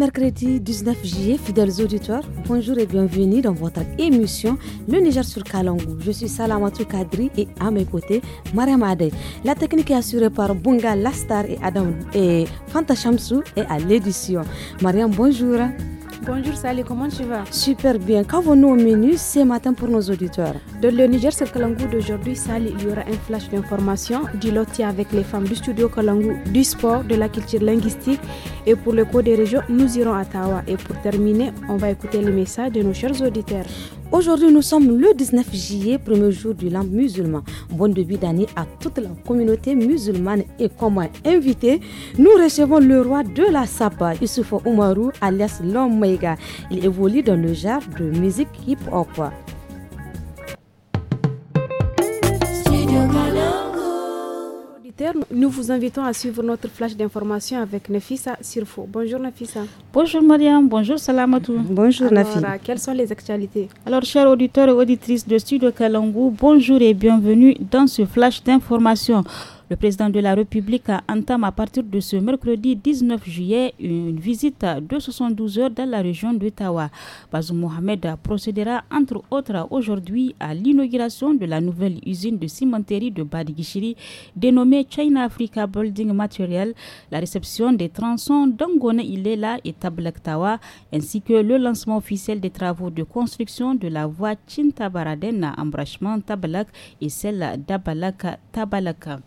mercredi 19 juillet, fidèles auditoires. bonjour et bienvenue dans votre émission Le Niger sur Kalangou. Je suis Salamatou Kadri et à mes côtés, Mariam Ade. La technique est assurée par Bunga Lastar et Adam et Fanta Shamsou et à l'édition. Mariam, bonjour. Bonjour Sally, comment tu vas Super bien. Qu'avons-nous au menu ce matin pour nos auditeurs Dans le Niger le Kalangu d'aujourd'hui, Sally, il y aura un flash d'information du loti avec les femmes du studio Kalangu, du sport, de la culture linguistique. Et pour le cours des régions, nous irons à Tawa. Et pour terminer, on va écouter les messages de nos chers auditeurs. Aujourd'hui, nous sommes le 19 juillet, premier jour du l'an musulman. Bon début d'année à toute la communauté musulmane et comme invité, nous recevons le roi de la Saba, Issoufou Oumarou, alias Lomega. Il évolue dans le genre de musique hip-hop. Nous vous invitons à suivre notre flash d'information avec Nefissa Sirfo. Bonjour Nafisa. Bonjour Mariam, bonjour Salamatou. Bonjour Nafi. Euh, quelles sont les actualités Alors, chers auditeurs et auditrices de Studio Kalangou, bonjour et bienvenue dans ce flash d'information. Le président de la République entame à partir de ce mercredi 19 juillet une visite de 72 heures dans la région d'Ottawa. Bazou Mohamed procédera entre autres aujourd'hui à l'inauguration de la nouvelle usine de cimenterie de Badigishiri dénommée China Africa Building Material, la réception des tronçons d'Angone Ilela et Tawa ainsi que le lancement officiel des travaux de construction de la voie Chintabaraden à embranchement Tabalak et celle d'Abalak Tabalaka.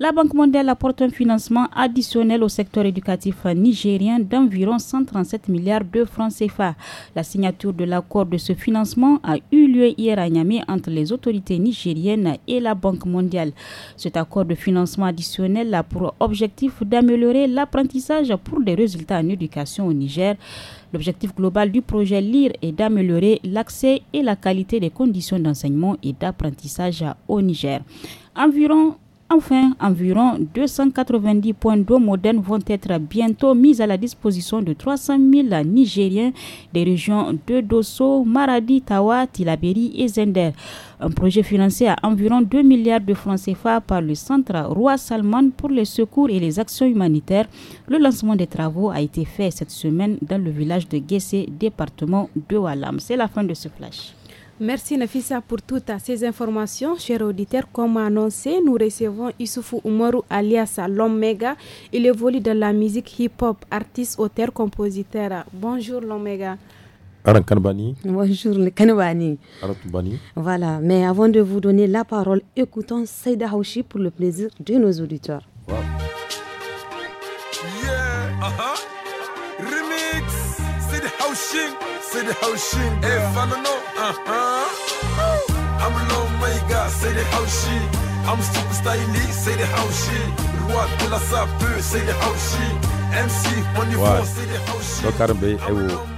La Banque mondiale apporte un financement additionnel au secteur éducatif nigérien d'environ 137 milliards de francs CFA. La signature de l'accord de ce financement a eu lieu hier à Niamey entre les autorités nigériennes et la Banque mondiale. Cet accord de financement additionnel a pour objectif d'améliorer l'apprentissage pour des résultats en éducation au Niger. L'objectif global du projet LIRE est d'améliorer l'accès et la qualité des conditions d'enseignement et d'apprentissage au Niger. Environ Enfin, environ 290 points d'eau modernes vont être bientôt mis à la disposition de 300 000 Nigériens des régions de Dosso, Maradi, Tawa, Tilaberi et Zender. Un projet financé à environ 2 milliards de francs CFA par le Centre Roi Salman pour les secours et les actions humanitaires. Le lancement des travaux a été fait cette semaine dans le village de gessé département de Walam. C'est la fin de ce flash. Merci Nafisa pour toutes ces informations. Chers auditeurs, comme annoncé, nous recevons Issoufou Umaru alias L'Omega. Il évolue dans la musique hip-hop, artiste, auteur, compositeur. Bonjour L'Omega. Aran Bonjour Kanbani. Voilà, mais avant de vous donner la parole, écoutons Saïda Haushi pour le plaisir de nos auditeurs. Yeah, uh-huh. whole shit, say the If I don't know, uh huh. I'm a long way God, say the whole I'm a superstar elite, say the What will I say? Say the MC, when you fall, say the whole Tocaram bem, é o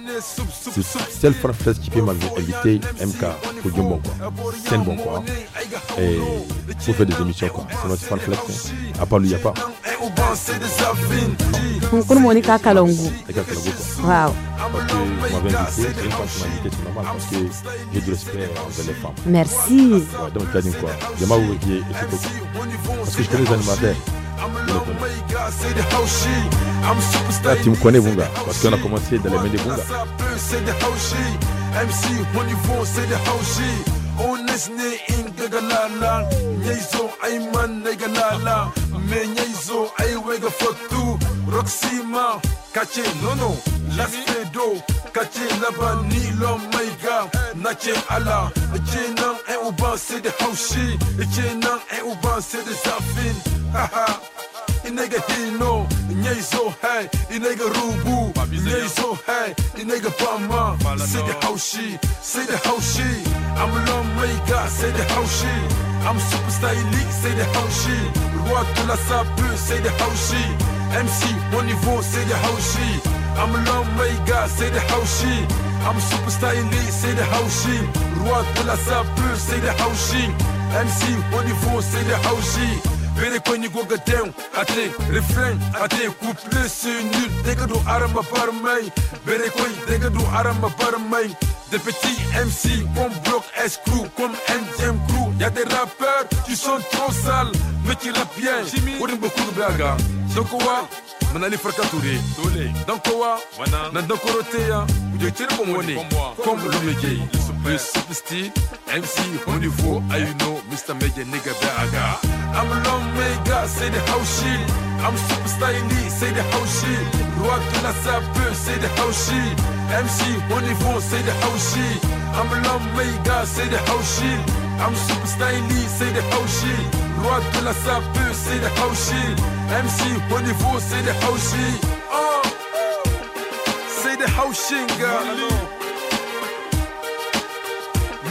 c'est seule phrase qui fait peut m'inviter MK pour bon quoi. C'est le bon quoi. Hein. Et pour faire des émissions quoi. Sinon c'est pas le flex. À part lui, il n'y a pas. Nkuru moni ka kalangu. Et ka kalangu quoi. Waouh. Parce que vous m'avez invité, c'est une personnalité, c'est normal parce que j'ai du respect envers les femmes. Merci. Ouais, donc tu as dit quoi. et c'est oublié. Parce que je connais les animateurs. Là, ah, tu me connais, Bunga, parce qu'on a commencé dans les mains de ones ne in daga lala nyai zo ai man daga lala me nyai wega fotu roxima kache nono laspedo kache laba ni lo maiga nache ala che nan ai e uban se de haushi che nan ai e uban se de zafin haha inega hino nyaizo hey inega rubu nyaizo hey inega pama say the how she say the how she I'm a long guy, say the how she I'm super leak, say the how she roi de la sape say the how she MC mon niveau say the how she I'm a long guy, say the how she I'm super leak, say the how she roi de la sape say the how she MC mon niveau say the how she Bere kwenye goga refrain Ate couple c'est nul Dega aramba parmay aramba Des petits MC bon bloc crew comme MJ Y'a des rappeurs qui sont trop sales mais qui rappent bien. On beaucoup de blagues. Hein. Donc, quoi Manali Touré. Donc, quoi Nan Dokorotea. Ujetir Bomone. Comme l'Omegay. Le Simplicity. MC, I Ayuno, Mr. Mega Nigga Baga. I'm Long Mega, c'est des house I'm super stylé, c'est des house Roi de la sape, c'est des house MC, niveau, c'est des house I'm Long Mega, c'est des house I'm super stylé, c'est des Haushi. Roi de la sape, c'est des Haushi. MC au niveau, c'est des Haushi. Oh, c'est des Haushinga.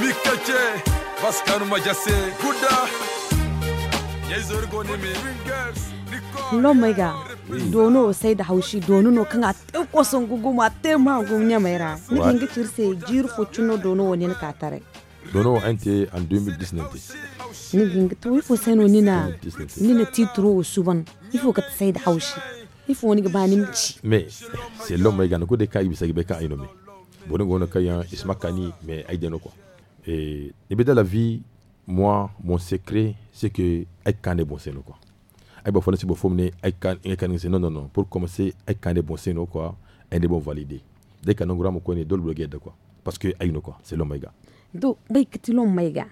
Mikake, Vaskanu Majase, Gouda. lomayga doono sayda hawshi doonuno kanga tew koson guguma tew ma gumnya mayra ni inga cirse jir fuchuno dono wonin katare dono an en an 2019 nigin to ifo sano nina nina titro o suban ifo ka sai da haushi ifo ni ga banim ci c'est l'homme ga ko de kay bisa ga ka ino bon bono kayan isma kani mais ay deno ko et ni be de la vie moi mon secret c'est que ay kande bon seno quoi ay ba fona si bo fomne ay kan ay kan non non non pour commencer ay kande bon seno quoi ay des bon validés dès qu'on aura mon connaît dol bloguer de quoi parce que ay no quoi c'est l'homme gars do dai kitilon mai ga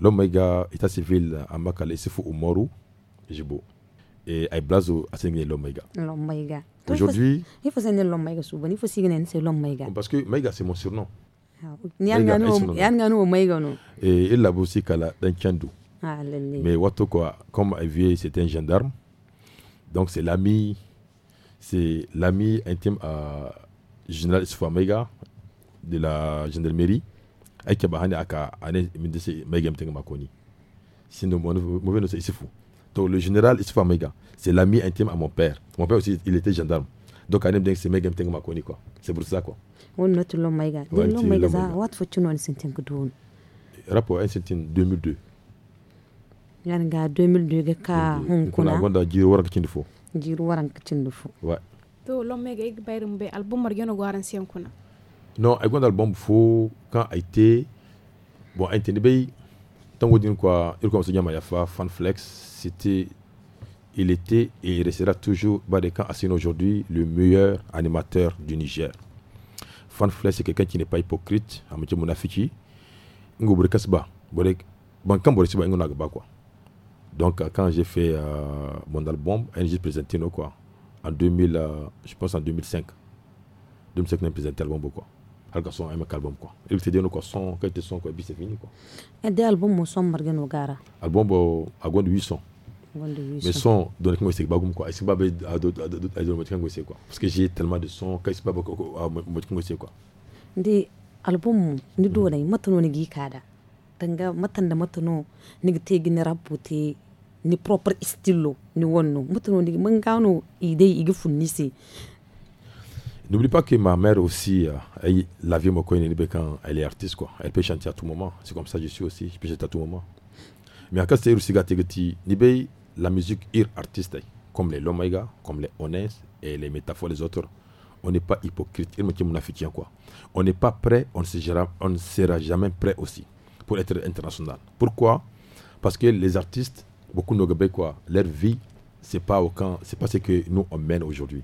lon mai ga ita civil amaka kala isifu umaru jibo et ay blazo asengé lon l'omega. ga lon aujourd'hui il faut signer lon souvent il faut signer c'est lon parce que mai c'est mon surnom ah, yan gano mai ga no et il l'a aussi kala dan chandu mais wato quoi comme c'est un gendarme donc c'est l'ami c'est l'ami intime à général Isfamega de la gendarmerie aikin ba hani aka ane min dise mai gam tinga makoni sinon mon mauvais no c'est fou donc le général Issoufou mega c'est l'ami intime à mon père mon père aussi il était gendarme donc ane dinga c'est mai gam tinga makoni quoi c'est pour ça quoi on note lo maiga de lo maiga za wat fo tuno ni sentin kudun rapport en sentin 2002 yani ga 2002 ga ka hun kuna gonda jiru waran kacin dufo jiru waran kacin dufo wa to lo maiga ik bayrum be albumar yono gwaran siyan kuna non ai le album faux quand a été bon a bay tango quoi il commence à dire yafa fanflex c'était il était et il restera toujours Badekan Assine aujourd'hui le meilleur animateur du Niger. Fanflex c'est quelqu'un qui n'est pas hypocrite, amitié monafiki. Ngo Kasba, Borek quand Boresiba Ngo Nagba quoi. Donc euh, quand j'ai fait euh, mon album, j'ai présenté quoi en 2000 euh, je pense en 2005. 2005 j'ai présenté l'album quoi harga son ay album quoi il te deno quoi son que te son quoi bi c'est fini quoi et euh, de album mo son margen gara album bo agonde 800 mais son donne comment c'est bagum quoi est-ce pas à d'autres à d'autres à d'autres quoi parce que j'ai tellement de sons qu'est-ce pas à moi c'est quoi des album ni do nay matano ni gi kada tanga matan da matano ni te gi ni rabute ni proper stilo ni wonno matano ni mangano idai igi funnisi N'oublie pas que ma mère aussi, euh, la vie elle est artiste, quoi. Elle peut chanter à tout moment. C'est comme ça que je suis aussi. Je peux chanter à tout moment. Mais en cas de aussi la musique est artiste, eh, comme les Lomaïga, comme les Honnêtes et les métaphores des autres. On n'est pas hypocrite. quoi. On n'est pas prêt, on ne, sera, on ne sera jamais prêt aussi pour être international. Pourquoi Parce que les artistes, beaucoup de quoi, leur vie, c'est pas c'est pas ce que nous on mène aujourd'hui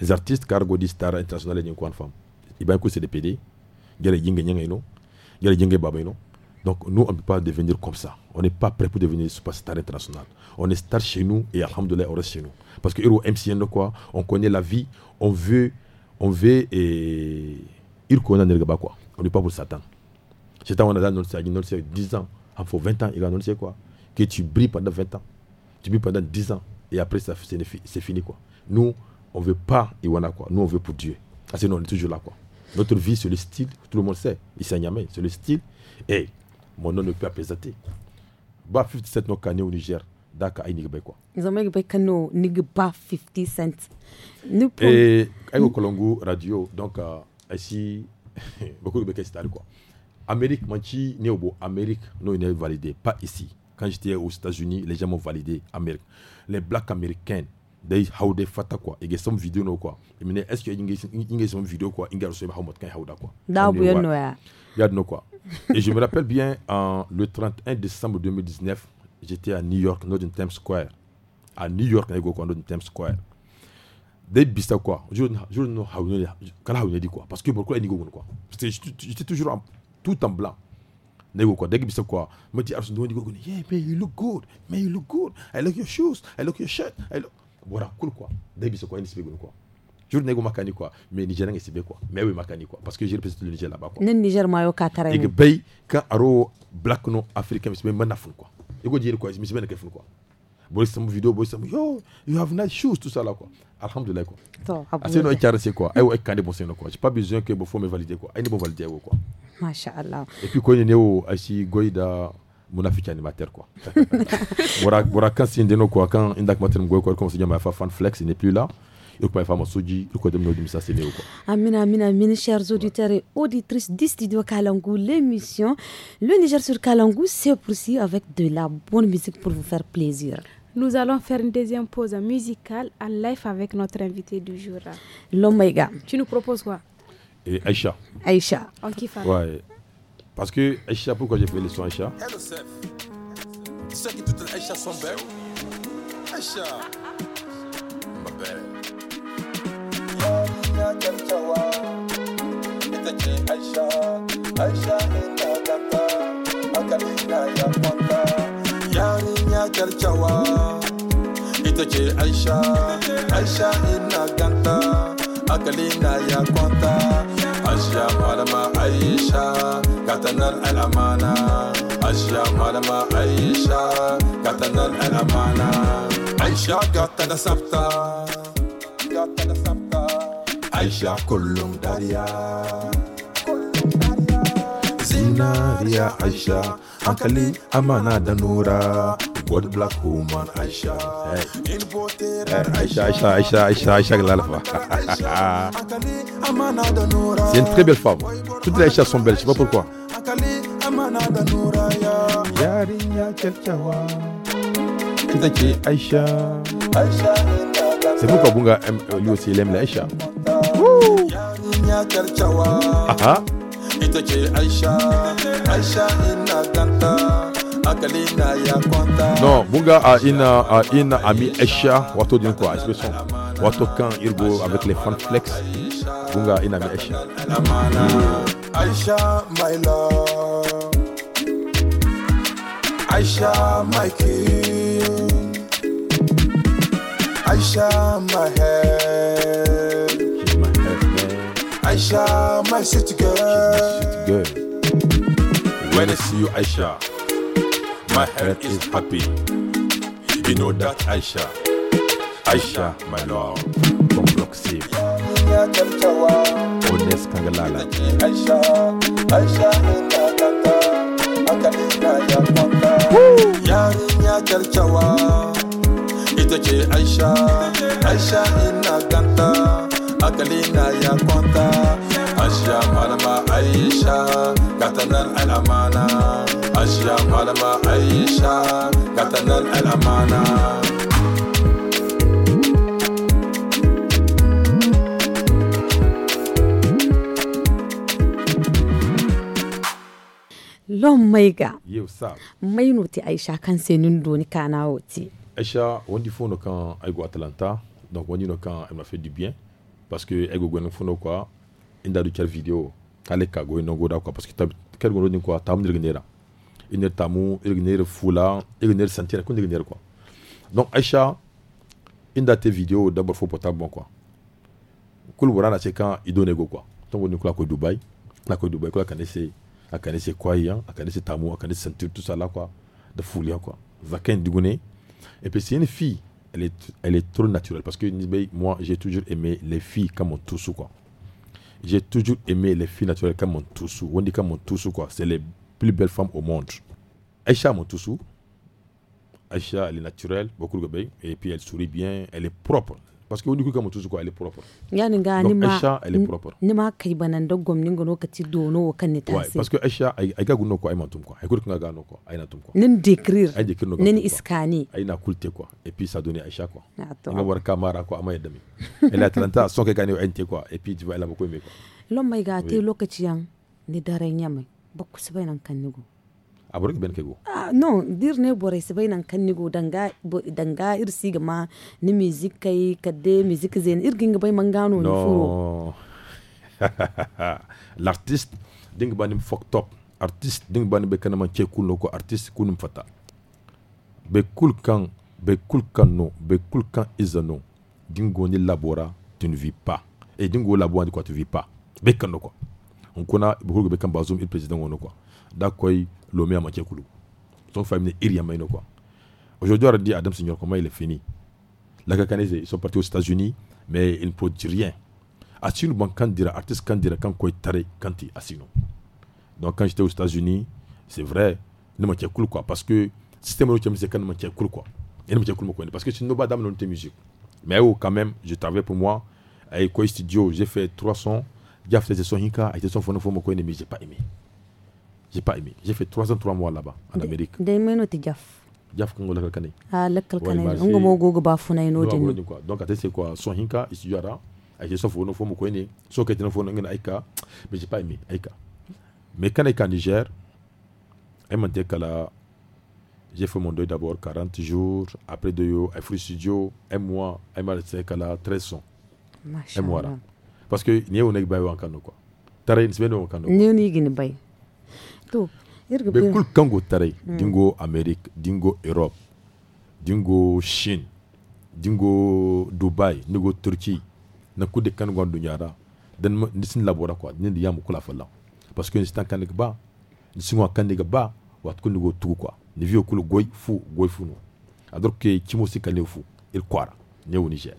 les artistes cargo di star international ni kwan fam iba ko c'est des PD gele jinga nyanga gele jinga baba ino donc nous on ne peut pas devenir comme ça on n'est pas prêt pour devenir superstar international on est star chez nous et alhamdoulilah on reste chez nous parce que Euro MCN quoi on connaît la vie on veut on veut et il connaît quoi on n'est pas pour Satan c'est on a dans notre 10 ans il faut 20 ans il a annoncé quoi que tu brilles pendant 20 ans tu brilles pendant 10 ans et après ça c'est fini quoi nous on veut pas Iwana, quoi. Nous, on veut pour Dieu. Ah, sinon, on est toujours là, quoi. Notre vie, c'est le style, tout le monde sait. Issa Niamey, c'est le style. Et mon nom ne peut pas présenter. Ba 57 no kané au Niger. Daka ay nigbe quoi. Ils ont nigbe kano nigba 50 cents. Et ayo colongo radio donc euh, ici beaucoup de bekestar quoi. Amérique manchi néobo Amérique non est validé pas ici. Quand j'étais aux États-Unis, les gens m'ont validé Amérique. Les blacks américains How haude fata kwa ege some video no est-ce que inge inge som video quoi inga so ba mot kan hauda kwa da bu no ya yad no quoi et je me rappelle bien en euh, le 31 décembre 2019 j'étais à New York dans Times Square à New York ego kwa dans Times Square day bista quoi je je no haude kala haude di quoi parce que pourquoi ego quoi j'étais toujours en, tout en blanc nego quoi que bisa quoi me dit absolument nego yeah man you look good man you look good i like your shoes i like your shirt i look voilà kulu kuwa da bisa ko ndisibe quoi kuwa juru nego makani mais me niger ngi sibe quoi me we makani quoi parce que je représente le niger là bas quoi nen niger mayo et que bay ka aro black no africain misbe mana fun quoi ego jiri kuwa misbe ne kefun kuwa boy samu video boy samu yo you have nice shoes tout ça là quoi alhamdulillah quoi to asino c'est charge quoi ay eh o e kande bon c'est quoi j'ai pas besoin que bo faut me valider quoi ay eh, ne bon valider quoi machallah et puis ko ne o asi goida munafiki animateur quoi bora bora c'est sindeno quoi quand indak matem go quoi comme se ma fan flex n'est plus là Amina, amina, amina, chers auditeurs et auditrices du studio Kalangou, l'émission Le Niger sur Kalangou se poursuit avec de la bonne musique pour vous faire plaisir. Nous allons faire une deuxième pause musicale en live avec notre invité du jour. L'Omega. Tu nous proposes quoi et Aïcha. Aïcha. On kiffe. Hein? Ouais. Parce que Aïcha, pourquoi j'ai pris les soins Aïcha Tu sais que toutes les Aïcha sont belles Aïcha Ma belle. Et Aïcha, Aïcha, Aïcha, Aïcha, yarinya kyarkyawa ita Itake aisha aisha ina ganta akali na ya kwanta أشياء مالما عيشة قاتلنا الأمانة أشياء مالما عيشة قاتلنا الأمانة عيشة قاتلنا ثابتة قاتلنا ثابتة عيشة كلهم دارية Zina, Ria, Aisha, Ankali, Amana, Danura, God Black Woman, Aisha. Hey. Eh. Aisha, Aisha, Aisha, Aisha, Aisha, C'est une très belle femme. Toutes les Aisha sont belles, je sais pas pourquoi. Aisha. C'est pourquoi Bunga aime, lui aussi, il aime la Aisha. Ah ah ita ce aisha aisha ina ganta akalina ya kwanta non bunga ga a ina ina ami aisha wato din ko expression wato kan irgo avec les fan flex mun ina ami aisha aisha my love aisha my king aisha my head Aisha, my city girl. City girl. When I see you, Aisha, my head is happy. You know that, Aisha. Aisha, my love. From Block C. Ones Kangalala. Aisha, Aisha, Akalina ya kwanga yarinya kyalkyawa ita aisha aisha ina ganta akalina ya kwanta ashiya malama aisha gatanan al'amana ashiya malama aisha gatanan al'amana maiga mainu ti aisha kan senin doni kana donc no kan elle m'a fait du bien parce que ego gwen fono kwa inda du video kale ka go nogo da kwa parce que gwen kwa tamu dirgnera iner tamu irgnera fula irgnera sentira kwa donc une inda video d'abord faut portable bon quoi kul c'est quand kwa tongo ni ko dubai na ko dubai kula kanese se kwa yan hein, se tamu akanese sentir tout ça là quoi de hein, quoi digune et puis c'est une fille elle est, trop naturelle. Parce que moi, j'ai toujours aimé les filles comme mon Tousou quoi. J'ai toujours aimé les filles naturelles comme mon Tousou. On dit comme mon Tousou quoi. C'est les plus belles femmes au monde. Aïcha mon Tousou, Aïcha, elle est naturelle, beaucoup de Et puis, elle sourit bien, elle est propre. parce que wodi kuka mutu zuko ali propre yani ga ni ma aisha ali propre ni ma kai banan da gwamni ga lokaci dono kan ni tasi parce que aisha ai ga gunno ko ai mantum ko ai kurkin ga gano ko ai na tum ko nin dekrir ai dekrir nin iskani ai na kulte ko et puis ça donner aisha ko ah, ni warka mara ko amay dami ila talanta son kai gani ai te ko et puis tu vas la ko me ko lomai ga te lokaci yan ni daren yamai ba ku sabai nan kan ni go abur ben ah no dir ne bore se bainan kan danga danga danga irsi gama ni musique kai de musique zen irgin bai mangano ni furo l'artiste ding banim fok top artiste ding banim be kanama che ko artiste kunum fata be kul kan be kul kan be kul kan izano dingo ni labora tu ne vis pas et dingo labo ni quoi tu vis pas be kanno quoi on kona be kul be kan bazum il président quoi da Koy, Lomé à Matiakoulou. Son famille est Iriamaino quoi. Aujourd'hui, on a dit à Adam Seigneur comment il est fini. La Kakanese, ils sont partis aux États-Unis, mais ils ne produisent rien. Asinu Ban dira artiste dira quand taré Tare, Kanti, Asino. Donc quand j'étais aux États-Unis, c'est vrai, ne Matiakoulou quoi, parce que système de musique, ne Matiakoulou quoi. Et ne Matiakoulou quoi, parce que c'est nos badam dans musique. Mais oh, quand même, je travaillais pour moi. Avec quoi Studio, j'ai fait trois sons. J'ai fait des sons Hinka, et des sons coin mais j'ai j'ai pas aimé. J'ai pas aimé. J'ai fait 3 ans, 3 mois là-bas, en de, Amérique. D'aimé, tu Jaf. Jaf Kongo Lakakane. Ah, Lakakane. On va me gogo bafuna ino e jenu. Donc, attends, c'est quoi Son Hinka, Isujara, Aïe Sofo, no fo moukouene, Soke Tino Fono Ngena Aïka. Mais j'ai pas aimé, Aïka. Mais quand Aïka Niger, elle m'a dit que qu'elle j'ai fait mon deuil d'abord 40 jours, après deux jours, Afri Studio, un mois, elle m'a dit qu'elle a 13 sons. Un mois là. Parce que, il y a pas de bail en Kano quoi. T'as rien, c'est bien en Kano. N'y a pas de bail. mɛ kulu kan go tarai mm. dingo america dingo europe dingo shin dingo dubai dingo turki na de kan gwan dunyara dan nisin labora kwa ni yamu kula fala parce que nisin kan nege ba nisin wa kan ba wat kun go tugu kwa ni vieux kulu goyi fu goyi fu no alors que kimo si kan fu il kwara ne wo je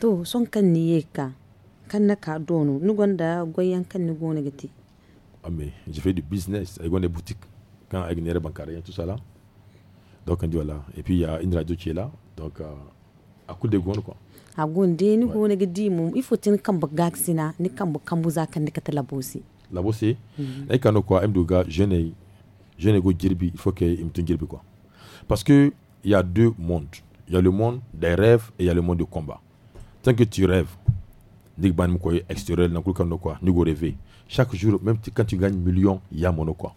to son kan ni ye kan na ka dono ni gonda goyan kan ni gona gati Ah, mais j'ai fait du business avec des boutiques, quand avec une bancaire, tout ça là. Donc, voilà. Et puis, il y a une radio qui est là. Donc, euh, à coup de gondes, quoi. a gonde ni ko ne il faut tin comme bagaxina, sina ni comme kan comme katala ne la eh? mhm. et et ay kan quoi, mdouga duga jeune jeune go dirbi il faut que il me jirbi quoi parce que il y a deux mondes il y a le monde des rêves et il y a le monde du combat tant que tu rêves dès que ban quoi extérieur n'a quoi quoi nous rêver chaque jour même quand tu gagnes million il y a mono quoi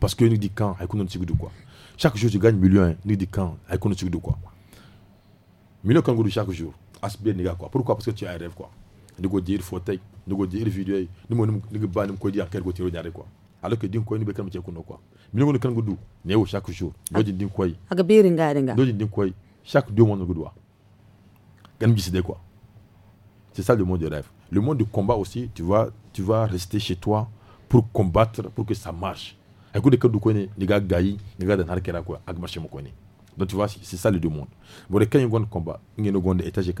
parce que nous dit quand avec nous de quoi chaque jour tu gagnes million nous dit quand avec nous de quoi million quand vous chaque jour aspire n'est quoi pourquoi parce que tu as un rêve quoi nous go dire fauteuil nous go dire vidéo nous mon nous ban dire quel côté regarder quoi alors que din quoi nous bekam tchekuno quoi million quand nous chaque jour nous dit quoi agabiringa ringa doji din quoi chaque deux mois nous go doit gagne biside quoi c'est ça le monde de rêve. Le monde du combat aussi, tu vas, tu vas rester chez toi pour combattre, pour que ça marche. Écoute, quand tu connais, les gars gaï les gars d'Anar Kerakwa, Agmaché Mokone. Donc tu vois, c'est ça les deux mondes. Bon, quand ils vont combat, ils vont ont des étages,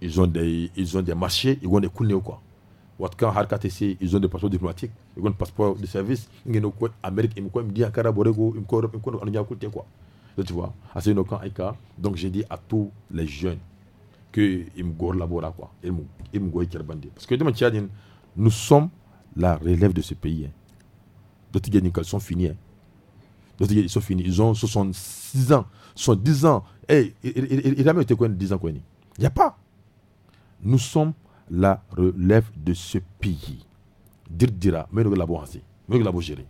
ils ont des, ils ont des marchés, ils ont des coulées quoi. Watkan Harkatc, ils ont des passeports diplomatiques, ils ont des passeports de service, ils ont des Amérique, ils ont des Ankara, Borego, ils ont des Europe, ils quoi. Donc tu vois, à ce moment-là, donc j'ai dit à tous les jeunes, que nous sommes la relève de ce pays d'autres hein. hein. ils sont finis ils ont 66 ans 70 ans et eh, il 10 ans il n'y a pas nous sommes la relève de ce pays dira mais nous géré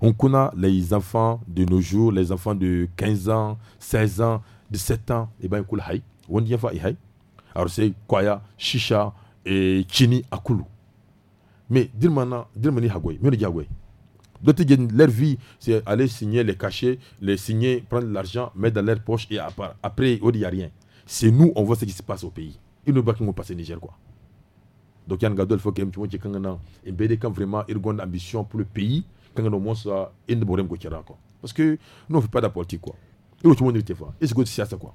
on connaît les enfants de nos jours les enfants de 15 ans 16 ans 7 ans et eh ben cool wani ya fa ihai alors c'est kwaya shisha e eh, chini akulu mais dirmana dirmani hagoy mais le doti d'autres leur vie c'est aller signer les cachets les signer prendre l'argent mettre dans leur poche et après après il n'y rien c'est nous on voit ce qui se passe au pays ils ne pas qu'ils vont passer Niger quoi donc Yann Gadol faut quand même tu vois quand on un BD quand vraiment il a une ambition pour le pays quand on moins ça il ne pourrait pas quoi parce que nous on fait pas de politique quoi et tout le monde était fort et c'est quoi ça quoi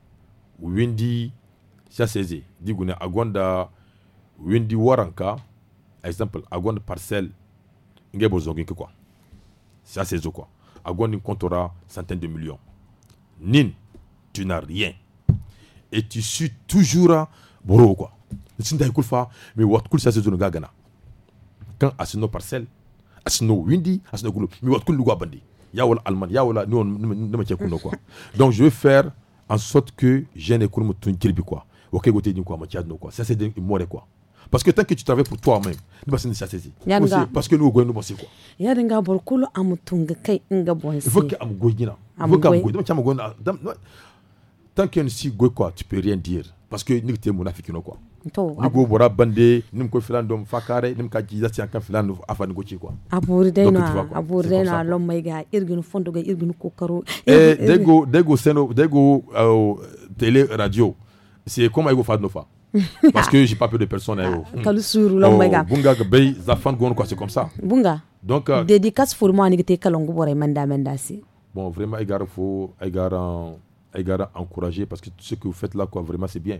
windi qu'on digune agonda windy waranka exemple agonda parcelle besoin bozongi quoi chaseze quoi agonda comptera centaines de millions nin tu n'as rien et tu suis toujours boro quoi sinda mais wat kul quand asino parcel asino windi asino mais bandi ya wala ya wala nous ne me quoi donc je vais faire en sorte que j'ai un économie tout dirbi quoi ok quoi matière no quoi ça c'est quoi parce que tant que tu travailles pour toi-même ne pas parce que nous nous quoi que tu peux rien dire parce que nous quoi Nigo bɔra banden ni filan dɔn fakare ka jija ka filan parce ko dego kuwa abugu sendoko tele arajo se koma iko fa dɔ fa paseke pap de donc zafan kasi que anige te kalanku bon vraiment ay dase ay garan ay garan encourager parce que quoi vraiment c'est bien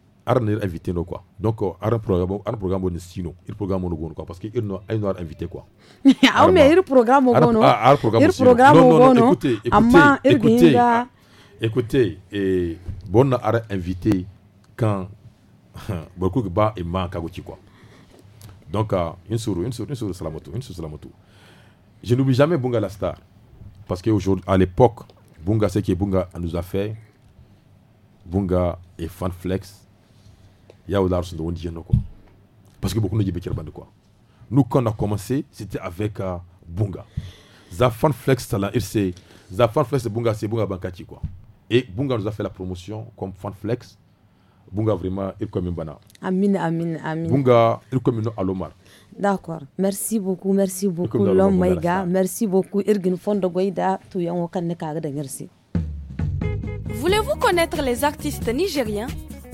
Arne invité no quoi. Donc euh, a programme Arne programme on sino, il programme no quoi parce que il no il no invité quoi. Ah mais il programme no. Arne ah, programme il programme Non écoutez écoutez écoutez ah, et eh, bon Arne invité quand beaucoup de bas et manque à quoi. Donc ah, une sourou une sourou une une sourou Je n'oublie jamais Bunga la star parce que aujourd'hui à l'époque Bunga ce qui Bunga nous a fait Bunga et Fanflex ya Oudar Sunde on dit quoi. Parce que beaucoup ne disent pas quoi. Nous quand on a commencé, c'était avec uh, Bunga. Zafan Flex Tala c'est Zafan Flex Bunga c'est Bunga Bankati quoi. Et Bunga nous a fait la promotion comme Flex. Bunga vraiment il comme bana. Amin amin amin. Bunga il comme alomar. D'accord. Merci beaucoup, merci beaucoup l'homme Maïga. Merci beaucoup Irgin Fondo Goïda Touyan Okaneka Merci. Voulez-vous connaître les artistes nigériens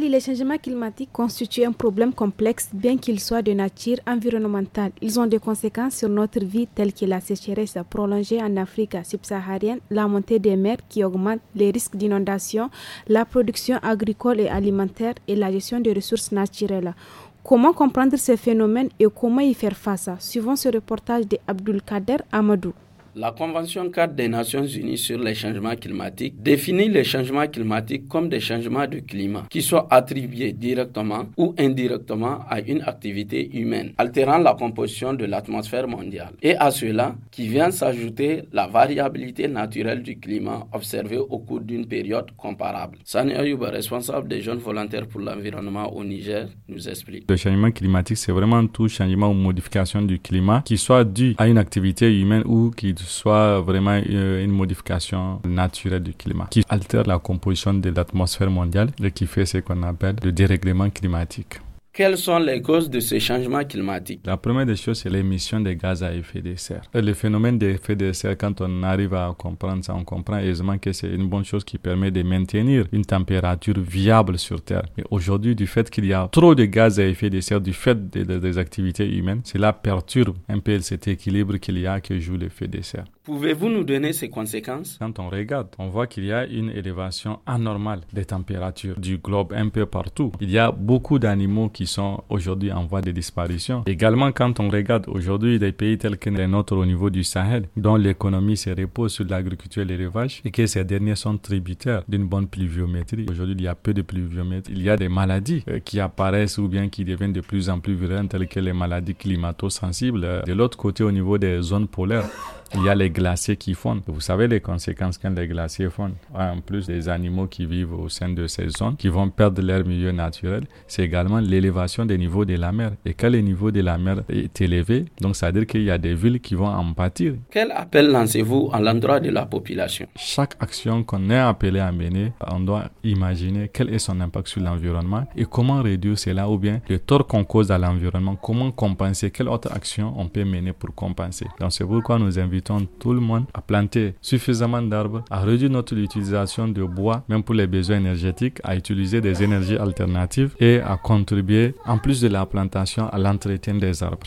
les changements climatiques constituent un problème complexe, bien qu'ils soient de nature environnementale. Ils ont des conséquences sur notre vie, telle que la sécheresse prolongée en Afrique subsaharienne, la montée des mers qui augmente les risques d'inondation, la production agricole et alimentaire et la gestion des ressources naturelles. Comment comprendre ces phénomènes et comment y faire face Suivant ce reportage de Abdul Kader Amadou. La Convention cadre des Nations Unies sur les changements climatiques définit les changements climatiques comme des changements de climat qui soient attribués directement ou indirectement à une activité humaine, altérant la composition de l'atmosphère mondiale. Et à cela qui vient s'ajouter la variabilité naturelle du climat observée au cours d'une période comparable. Sani Ayouba, responsable des jeunes volontaires pour l'environnement au Niger, nous explique. Le changement climatique, c'est vraiment tout changement ou modification du climat qui soit dû à une activité humaine ou qui soit vraiment euh, une modification naturelle du climat qui altère la composition de l'atmosphère mondiale et qui fait ce qu'on appelle le dérèglement climatique. Quelles sont les causes de ces changements climatiques La première des choses, c'est l'émission des gaz à effet de serre. Euh, le phénomène d'effet de serre, quand on arrive à comprendre ça, on comprend aisément que c'est une bonne chose qui permet de maintenir une température viable sur Terre. Mais aujourd'hui, du fait qu'il y a trop de gaz à effet de serre, du fait des activités humaines, cela perturbe un peu cet équilibre qu'il y a que joue l'effet de serre. Pouvez-vous nous donner ses conséquences Quand on regarde, on voit qu'il y a une élévation anormale des températures du globe un peu partout. Il y a beaucoup d'animaux qui sont aujourd'hui en voie de disparition. Également, quand on regarde aujourd'hui des pays tels que les nôtres au niveau du Sahel, dont l'économie se repose sur l'agriculture et l'élevage, et que ces derniers sont tributaires d'une bonne pluviométrie. Aujourd'hui, il y a peu de pluviométrie. Il y a des maladies euh, qui apparaissent ou bien qui deviennent de plus en plus virulentes, telles que les maladies climato-sensibles. Euh, de l'autre côté, au niveau des zones polaires, il y a les glaciers qui fondent. Vous savez les conséquences quand les glaciers fondent. En plus des animaux qui vivent au sein de ces zones, qui vont perdre leur milieu naturel, c'est également l'élévation des niveaux de la mer. Et quand le niveau de la mer est élevé, donc ça veut dire qu'il y a des villes qui vont en pâtir. Quel appel lancez-vous à l'endroit de la population Chaque action qu'on est appelé à mener, on doit imaginer quel est son impact sur l'environnement et comment réduire cela ou bien le tort qu'on cause à l'environnement, comment compenser, quelle autre action on peut mener pour compenser. Donc c'est pourquoi nous invitons tout le monde a planté suffisamment d'arbres, à réduire notre utilisation de bois, même pour les besoins énergétiques, à utiliser des énergies alternatives et à contribuer, en plus de la plantation, à l'entretien des arbres.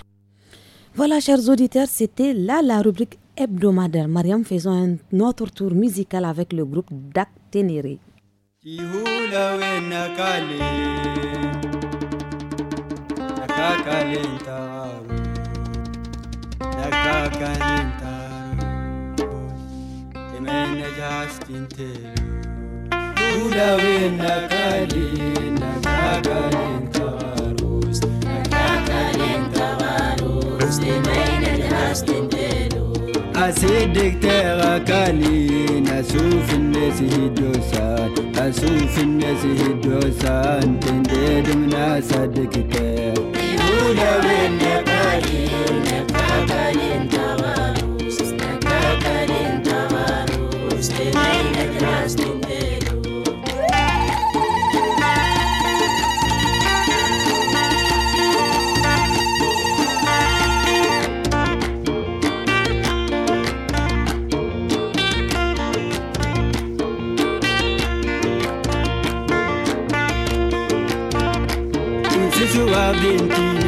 Voilà, chers auditeurs, c'était là la rubrique hebdomadaire. Mariam, faisons un autre tour musical avec le groupe Dak Ténéré. mene jaastiin teeru. Kuudaween nakaalee nakaakaleen tabaarus. Nakaakaleen tabaarus. Mene jaastiin teeru. Asii deegtee rakkaalee nasuufinne si hiddoosaan. Nasuufinne si hiddoosaan. Tendee dumnaa saddeqitee. Kuudaween nakaalee. Pedras Mineiro. This is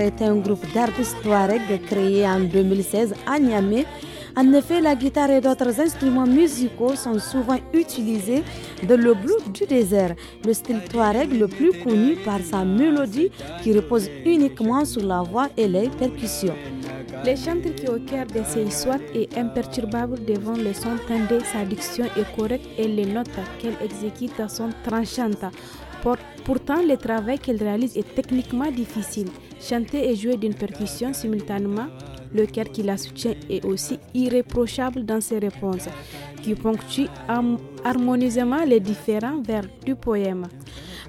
est un groupe d'artistes Touareg créé en 2016 à Niamey. En effet, la guitare et d'autres instruments musicaux sont souvent utilisés dans le blues du désert, le style touareg le plus connu par sa mélodie qui repose uniquement sur la voix et les percussions. Les chantres qui au cœur de ces histoires et imperturbable devant le son tendés, sa diction est correcte et les notes qu'elle exécute sont tranchantes. Pourtant, le travail qu'elle réalise est techniquement difficile. Chanter et jouer d'une percussion simultanément, le cœur qui la soutient est aussi irréprochable dans ses réponses, qui ponctuent harmonieusement les différents vers du poème.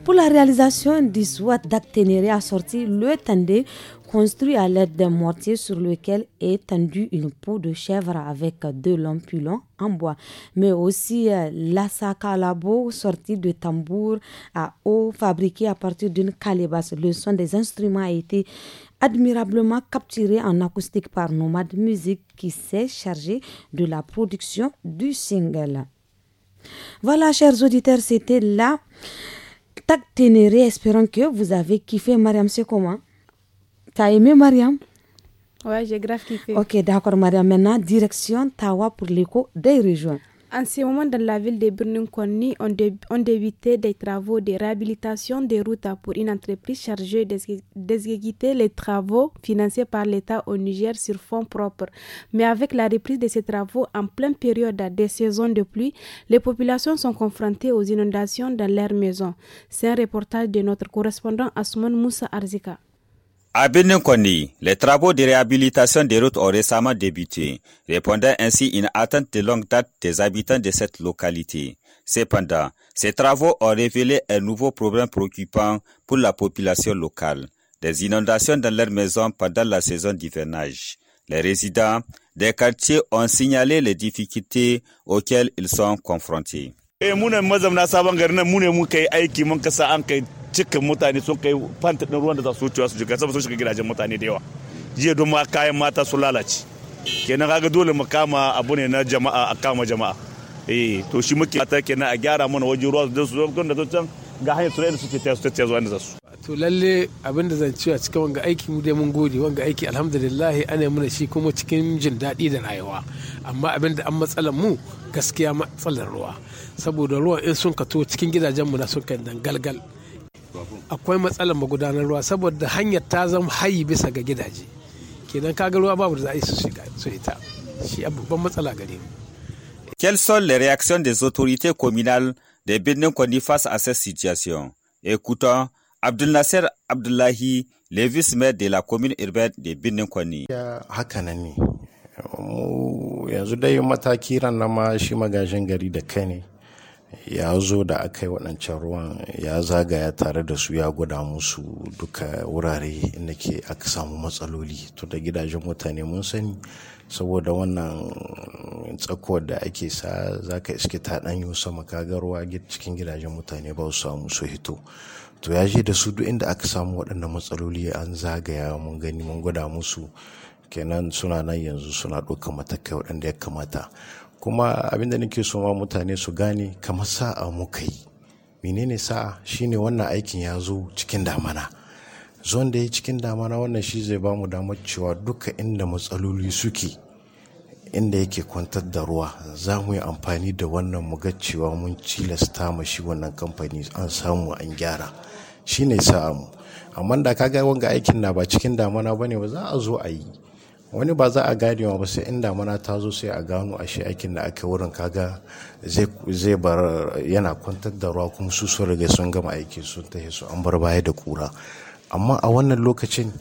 Pour la réalisation du SWAT d'Acténéré a sorti le tendé construit à l'aide d'un mortier sur lequel est tendue une peau de chèvre avec deux lampulons en bois, mais aussi à euh, labo sorti de tambour à eau fabriqué à partir d'une calebasse. Le son des instruments a été admirablement capturé en acoustique par Nomade Musique qui s'est chargé de la production du single. Voilà, chers auditeurs, c'était là. Ténéré, espérant que vous avez kiffé. Mariam, c'est comment T'as aimé Mariam Ouais, j'ai grave kiffé. Ok, d'accord, Mariam. Maintenant, direction Tawa pour l'écho des régions. En ce moment, dans la ville de Brno on, débutait des travaux de réhabilitation des routes pour une entreprise chargée d'exécuter les travaux financés par l'État au Niger sur fonds propres. Mais avec la reprise de ces travaux en pleine période des saisons de pluie, les populations sont confrontées aux inondations dans leurs maisons. C'est un reportage de notre correspondant Asman Moussa Arzika. À Beninconi, les travaux de réhabilitation des routes ont récemment débuté, répondant ainsi à une attente de longue date des habitants de cette localité. Cependant, ces travaux ont révélé un nouveau problème préoccupant pour la population locale, des inondations dans leurs maisons pendant la saison d'hivernage. Les résidents des quartiers ont signalé les difficultés auxquelles ils sont confrontés. Eh, cikin mutane sun kai fanta ɗin ruwan da za su wucewa su shiga saboda sun shiga gidajen mutane da yawa jiya don ma kayan mata sun lalace kenan kaga dole mu kama abu ne na jama'a a kama jama'a eh to shi muke mata kenan a gyara mana waje ruwa su su zo da can ga hanyar tsirrai da suke ta su tace zuwa inda za su to lalle abin da zan cewa cikin wanga aiki mu dai mun gode wanga aiki alhamdulillah ana muna shi kuma cikin jin daɗi da rayuwa amma abin da an matsalar mu gaskiya matsalar ruwa saboda ruwa in sun kato cikin gidajen mu na sun kan dangalgal akwai matsalar magudanar ruwa saboda hanyar ta zama hayi bisa ga gidaje kenan kaga ruwa babu da za a yi su shiga su ita shi babban matsala gare mu Quelles sont les réactions des autorités communales des Bénin face à cette situation Écoutons Abdel Nasser Abdullahi, le vice-maire de la commune urbaine de Benin Kwani. Haka nan ne, yanzu dai mataki ran na ma shi magajin gari da kai ne ya zo da aka yi waɗancan ruwan ya zagaya tare da su ya gwada musu duka wurare inda ke aka samu matsaloli to da gidajen mutane mun sani saboda wannan tsakuwar da ake sa za ka iske ta ɗan ɗanyo sama kagarwa cikin gidajen mutane ba su samu su hito to ya je da su duk inda aka samu waɗannan matsaloli an zagaya mun gani mun gwada musu kenan suna nan yanzu suna ɗaukar matakai waɗanda ya kamata kuma abinda nake so ma mutane su gane kamar sa'a muka yi menene sa'a shine wannan aikin ya zo cikin damana zon da ya cikin damana wannan shi zai ba mu damar cewa duka inda matsaloli suke inda yake kwantar da ruwa za mu yi amfani da wannan mu ga cewa mun cilasta ma shi wannan kamfani an samu an gyara shine sa'a mu amma da ka ga wanga aikin na ba cikin damana ne ba za a zo a yi wani ba za a gane ba sai inda mana ta zo sai a gano a shi aikin da aka wurin kaga zai bar yana kwantar da ruwa kuma su sun riga sun gama aiki sun tahi su an bar baya da kura amma a wannan lokacin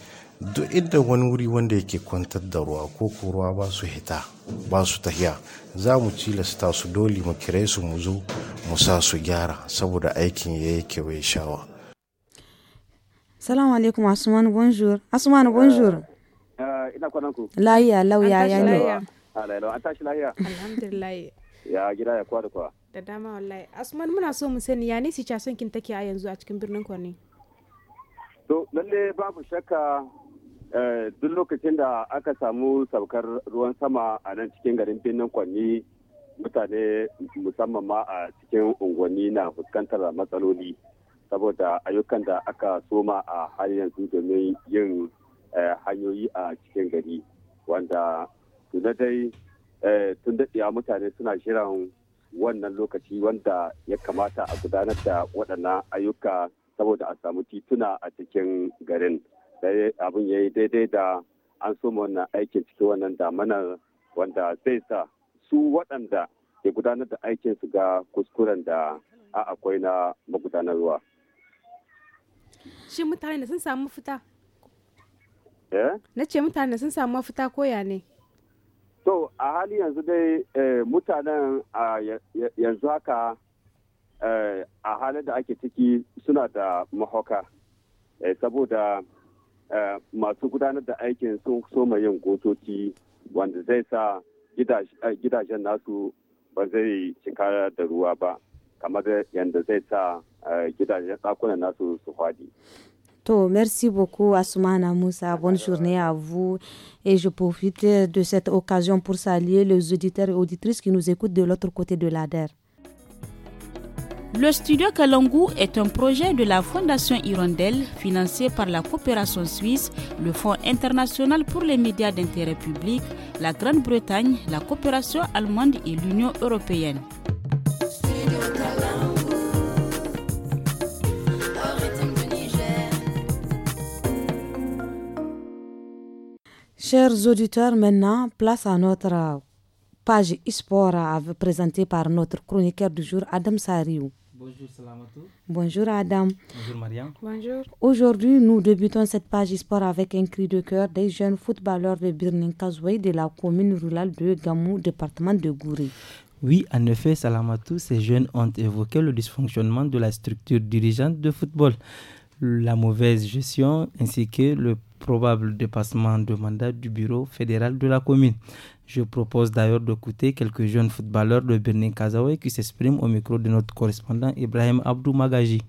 duk inda wani wuri wanda yake kwantar da ruwa ko ko ruwa ba su hita ba su tahiya za mu cilasta su dole mu kire su mu zo mu sa su gyara saboda aikin ya yi kewaye shawa. Salamu alaikum Asuman bonjour. Asuman bonjour. ina kwanan ku. Lahiya lauya ya ne. alhamdulilayi an tashi lahiya. Alhamdulillah. Ya gida ya kwa da kwa. Da dama wallahi. Asman muna so mu sani ya ne si son kin take a yanzu a cikin birnin Kwanne. To lalle babu shakka eh, duk lokacin da aka samu saukar ruwan sama a nan cikin garin birnin kwanni mutane musamman ma a cikin unguwanni na fuskantar matsaloli saboda ayyukan da aka soma a har yanzu domin yin Eh, hanyoyi a cikin gari wanda tuna dai eh, tun daɗewa mutane suna shirin wannan lokaci wanda ya kamata a gudanar da waɗannan ayyuka saboda a samu tituna a cikin garin abin ya yi daidai da an soma wannan aikin cikin wannan damanar wanda zai sa su waɗanda ke gudanar da aikin su ga kuskuren da a akwai na magudanarwa. shi mutane sun samu fita? Eh? Na ce mutane sun samu mafita koya ne? To a hali yanzu dai eh, mutanen yanzu haka eh, a halin da ake ciki suna da mahauka saboda masu gudanar da aikin sun soma yin gotoci wanda zai sa gidajen nasu ba zai cika da ruwa ba kamar yadda zai sa gidajen tsakunan nasu su kwadi. merci beaucoup Asuma Moussa. Bonne euh, journée à vous. Et je profite de cette occasion pour saluer les auditeurs et auditrices qui nous écoutent de l'autre côté de l'ADER. Le studio Kalangu est un projet de la Fondation Hirondelle financé par la coopération suisse, le Fonds international pour les médias d'intérêt public, la Grande-Bretagne, la coopération allemande et l'Union européenne. Chers auditeurs, maintenant, place à notre page e-sport présentée par notre chroniqueur du jour, Adam Sariou. Bonjour Salamatou. Bonjour Adam. Bonjour Marianne. Bonjour. Aujourd'hui, nous débutons cette page e-sport avec un cri de cœur des jeunes footballeurs de Birning Kazoué de la commune rurale de Gamou, département de Gouré. Oui, en effet, Salamatou, ces jeunes ont évoqué le dysfonctionnement de la structure dirigeante de football, la mauvaise gestion ainsi que le probable dépassement de mandat du bureau fédéral de la commune. Je propose d'ailleurs d'écouter quelques jeunes footballeurs de Bernin Kazaoué qui s'expriment au micro de notre correspondant Ibrahim Abdou Magaji.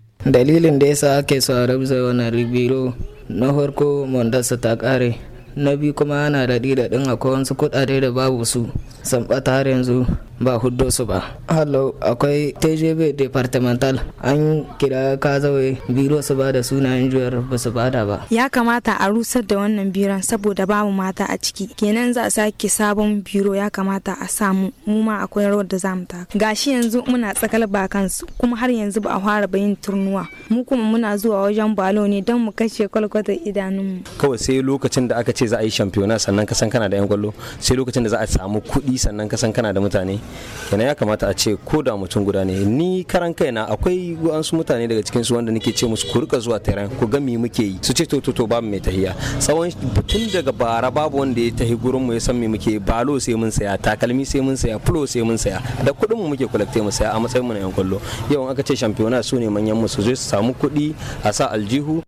na biyu kuma yana da daɗin akwai wasu kuɗaɗe da babu su sambata har yanzu ba huddo su ba hallo akwai tjb departamental an kira kazawai biro su ba da sunayen juyar ba su ba da ba ya kamata a rusar da wannan biron saboda babu mata a ciki kenan za a sake sabon biro ya kamata a samu mu ma akwai rawar da zamu taka gashi yanzu muna tsakal ba kansu kuma har yanzu ba a fara bayin turnuwa mu kuma muna zuwa wajen balo ne don mu kashe kwalkwata idanunmu kawai sai lokacin da aka ce za a yi shampiyona sannan ka san kana da yan kwallo sai lokacin da za a samu kuɗi sannan ka san kana da mutane kenan ya kamata a ce ko da mutum guda ne ni karan kaina akwai wasu mutane daga cikin su wanda nake ce musu ku rika zuwa taron ku ga me muke yi su ce to to to babu mai tahiya tsawon tun daga bara babu wanda ya tahi gurin mu ya san me muke balo sai mun saya takalmi sai mun saya fulo sai mun saya da kuɗin mu muke kulakte mu saya a matsayin mu na yan kwallo yau aka ce shampiyona su ne manyan mu su zo su samu kuɗi a sa aljihu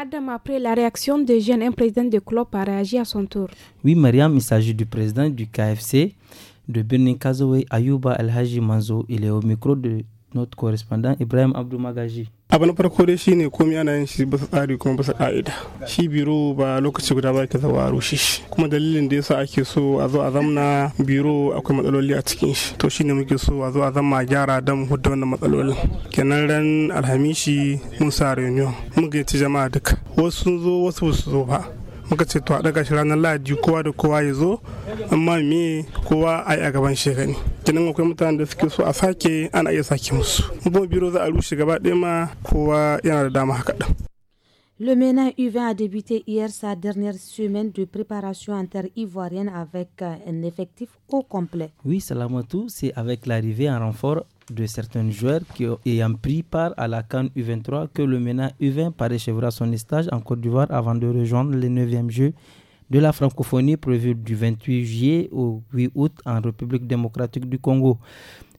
Adam, après la réaction des jeunes, un président de club a réagi à son tour. Oui, Mariam, il s'agit du président du KFC, de Benin Kazowe Ayouba El Haji Manzo. Il est au micro de North correspondent Ibrahim Abdul Magaji. abu na farko dai shi ne komai ana yin shi basu tsari kuma basu ka'ida shi biro ba lokaci guda ba ke zawa a rushe shi kuma dalilin da yasa ake so a zo a zamna biro akwai matsaloli a cikin shi to ne muke so a zo a zama a gyara don mu hudda wannan matsalolin kenan ran alhamishi mun sa reunion mun jama'a duka wasu sun zo wasu ba su zo ba muka ce to a daga shi ranar lahadi kowa da kowa ya zo amma me kowa a yi a gaban shekani kinan akwai mutanen da suke so a sake ana iya sake musu kuma biro za a rushe gaba ɗaya ma kowa yana da dama haka ɗin Le MENA U20 a débuté hier sa dernière semaine de préparation inter ivoirienne avec euh, un effectif au complet. Oui, c'est avec l'arrivée en renfort de certains joueurs qui ayant pris part à la Cannes U23 que le MENA U20 parachèvera son stage en Côte d'Ivoire avant de rejoindre les 9e Jeux de la francophonie prévus du 28 juillet au 8 août en République démocratique du Congo.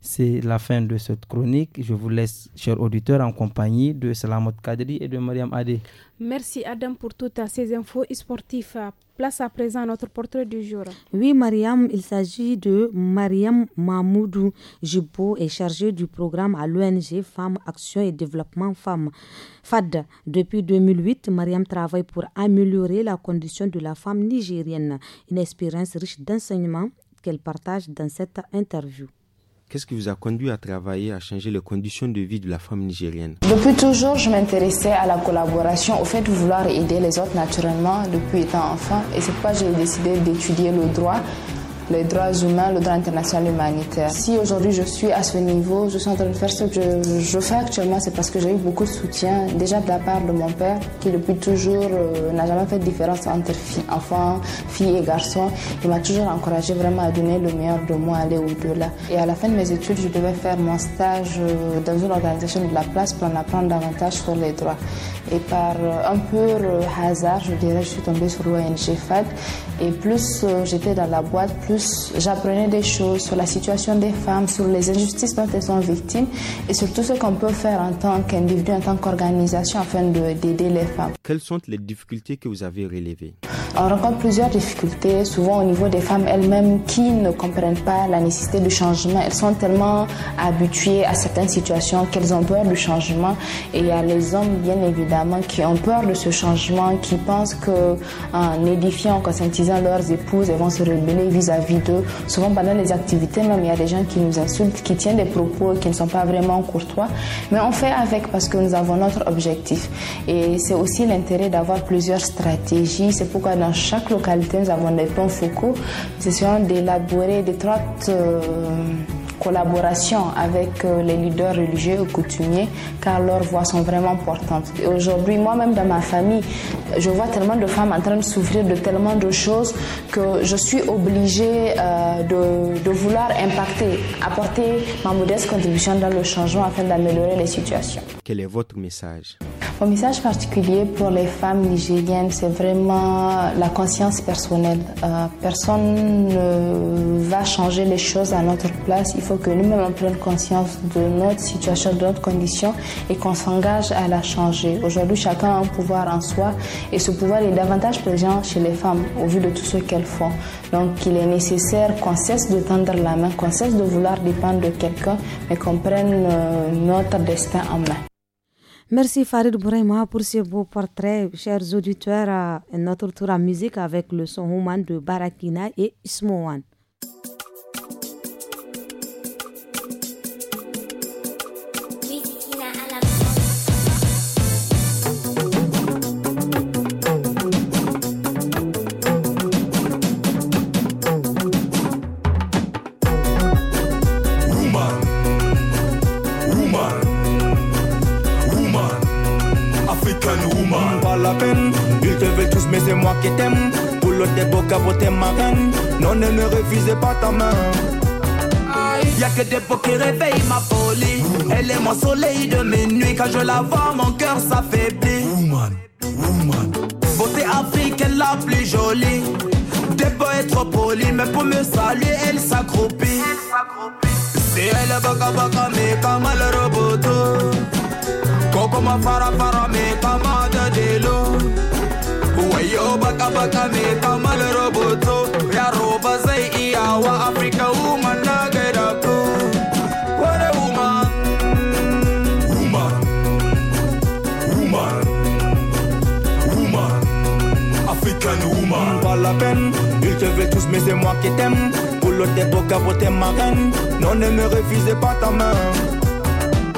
C'est la fin de cette chronique. Je vous laisse, chers auditeurs, en compagnie de Salamot Kadri et de Mariam Adé. Merci Adam pour toutes ces infos sportives. Place à présent à notre portrait du jour. Oui, Mariam, il s'agit de Mariam Mahmoudou Jibo, est chargée du programme à l'ONG Femmes, Action et Développement Femmes. FAD. Depuis 2008, Mariam travaille pour améliorer la condition de la femme nigérienne, une expérience riche d'enseignements qu'elle partage dans cette interview. Qu'est-ce qui vous a conduit à travailler, à changer les conditions de vie de la femme nigérienne Depuis toujours, je m'intéressais à la collaboration, au fait de vouloir aider les autres naturellement depuis étant enfant. Et c'est pourquoi j'ai décidé d'étudier le droit les droits humains, le droit international humanitaire. Si aujourd'hui je suis à ce niveau, je suis en train de faire ce que je, fais actuellement, c'est parce que j'ai eu beaucoup de soutien, déjà de la part de mon père, qui depuis toujours euh, n'a jamais fait de différence entre enfants, filles et garçons. Il m'a toujours encouragé vraiment à donner le meilleur de moi, aller au-delà. Et à la fin de mes études, je devais faire mon stage euh, dans une organisation de la place pour en apprendre davantage sur les droits. Et par euh, un pur euh, hasard, je dirais, je suis tombée sur l'ONG FAD. Et plus euh, j'étais dans la boîte, plus j'apprenais des choses sur la situation des femmes, sur les injustices dont elles sont victimes et sur tout ce qu'on peut faire en tant qu'individu, en tant qu'organisation afin d'aider les femmes. Quelles sont les difficultés que vous avez relevées on rencontre plusieurs difficultés, souvent au niveau des femmes elles-mêmes qui ne comprennent pas la nécessité du changement. Elles sont tellement habituées à certaines situations qu'elles ont peur du changement. Et il y a les hommes, bien évidemment, qui ont peur de ce changement, qui pensent qu'en édifiant, en conscientisant leurs épouses, elles vont se rebeller vis-à-vis d'eux. Souvent, pendant les activités, même, il y a des gens qui nous insultent, qui tiennent des propos qui ne sont pas vraiment courtois. Mais on fait avec parce que nous avons notre objectif. Et c'est aussi l'intérêt d'avoir plusieurs stratégies. C'est pourquoi dans dans chaque localité, nous avons des ponts focaux. Nous essayons d'élaborer d'étroites euh, collaboration avec euh, les leaders religieux ou coutumiers car leurs voix sont vraiment importantes. Aujourd'hui, moi-même dans ma famille, je vois tellement de femmes en train de souffrir de tellement de choses que je suis obligée euh, de, de, vouloir impacter, apporter ma modeste contribution dans le changement afin d'améliorer les situations. Quel est votre message mon message particulier pour les femmes nigériennes, c'est vraiment la conscience personnelle. Euh, personne ne va changer les choses à notre place. Il faut que nous-mêmes prenions conscience de notre situation, de notre condition et qu'on s'engage à la changer. Aujourd'hui, chacun a un pouvoir en soi et ce pouvoir est davantage présent chez les femmes au vu de tout ce qu'elles font. Donc, il est nécessaire qu'on cesse de tendre la main, qu'on cesse de vouloir dépendre de quelqu'un, mais qu'on prenne euh, notre destin en main. Merci Farid Bourema pour ce beau portrait. Chers auditeurs, euh, notre tour à musique avec le son Human de Barakina et Ismoan. qui réveille ma folie. Elle est mon soleil de mes nuits. Quand je la vois, mon cœur s'affaiblit. Woman, woman. Beauté africaine la plus jolie. Des beaux trop polie, mais pour me saluer, elle s'accroupit. C'est elle, baka baka, mais comme le robot. Coco ma fara fara, mais comme de délo. Wayo oh, baka baka, mais comme le robot. Ya roba zai wa Africa woman. qui t'aime. tes beaux ma reine. Non, ne me refusez pas ta main.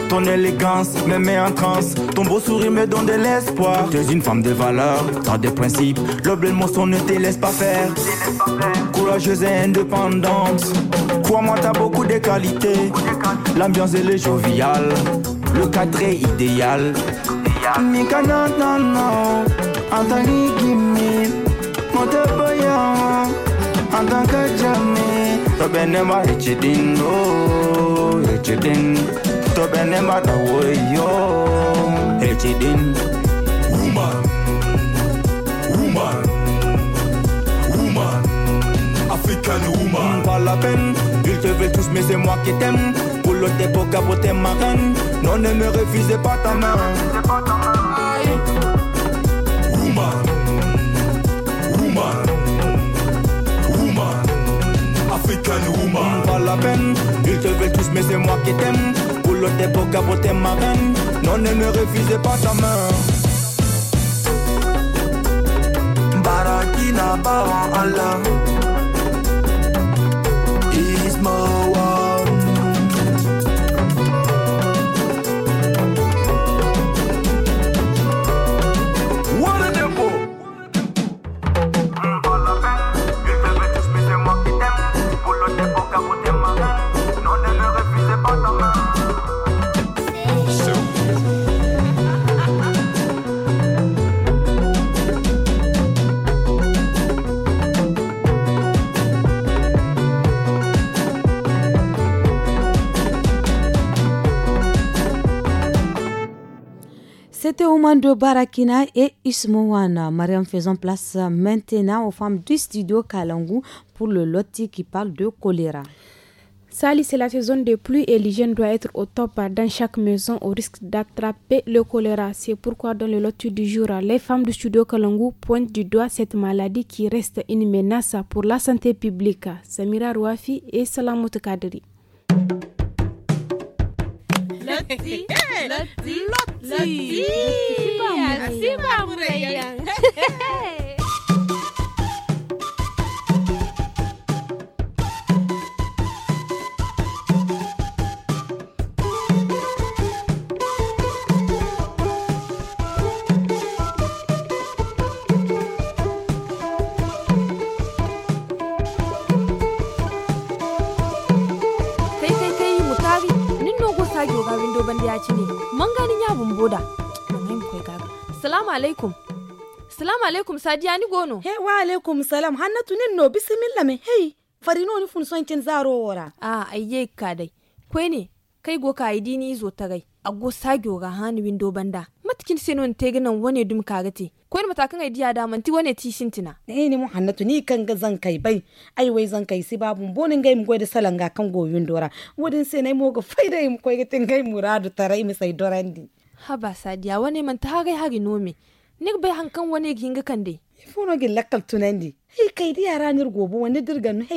Ton élégance me met en transe. Ton beau sourire me donne de l'espoir. Tu une femme de valeur, t'as des principes. Le bleu son ne te laisse pas faire. Courageuse et indépendante. Crois-moi, t'as beaucoup de qualités. L'ambiance est jovial Le cadre est idéal. Mika, non, non, Anthony, benema richidin no oh, richidin to benema da woyo richidin woman woman woman african woman pas la peine te veulent tous mais c'est moi qui t'aime pour l'autre pour capoter ma reine non ne me refusez pas ta main la Ils te veulent tous, mais c'est moi qui t'aime. Pour l'autre époque, pour tes ma reine. Non, ne me refusez pas ta main. Barakina, Baran Allah. Ismaël. Mando Barakina et Ismouana. Mariam, faisant place maintenant aux femmes du studio Kalangu pour le loti qui parle de choléra. Sali, c'est la saison de pluie et l'hygiène doit être au top dans chaque maison au risque d'attraper le choléra. C'est pourquoi dans le loti du jour, les femmes du studio Kalangu pointent du doigt cette maladie qui reste une menace pour la santé publique. Samira Rouafi et Salamout Kadri. Loti. Loti. Loti. Loti. Loti. Loti. Loti. alaikum sadiya ni gono he wa alaikum salam hannatu nin no bisimilla me hey farino ni fun son cin zaro wora a ayye ka dai kwai ne kai go ka idi ni zo ta gai aggo sagyo ga hani windo banda matkin seno te ganan wane dum gati kwai matakan aidiya da manti wane ti sintina eh ni mu hannatu tuni kan ga zan kai bai ai wai zan kai si babun bonin gai mu goida salanga kan goyun ra wudin sai nai mo ga faida im koi ga gai muradu tarai mi sai dorandi haba sadiya wane man ta gai hari nome nik bai hankan wani ginga kande dai ifono gin lakkal tunandi hei kai di yara nir gobo wani dirgan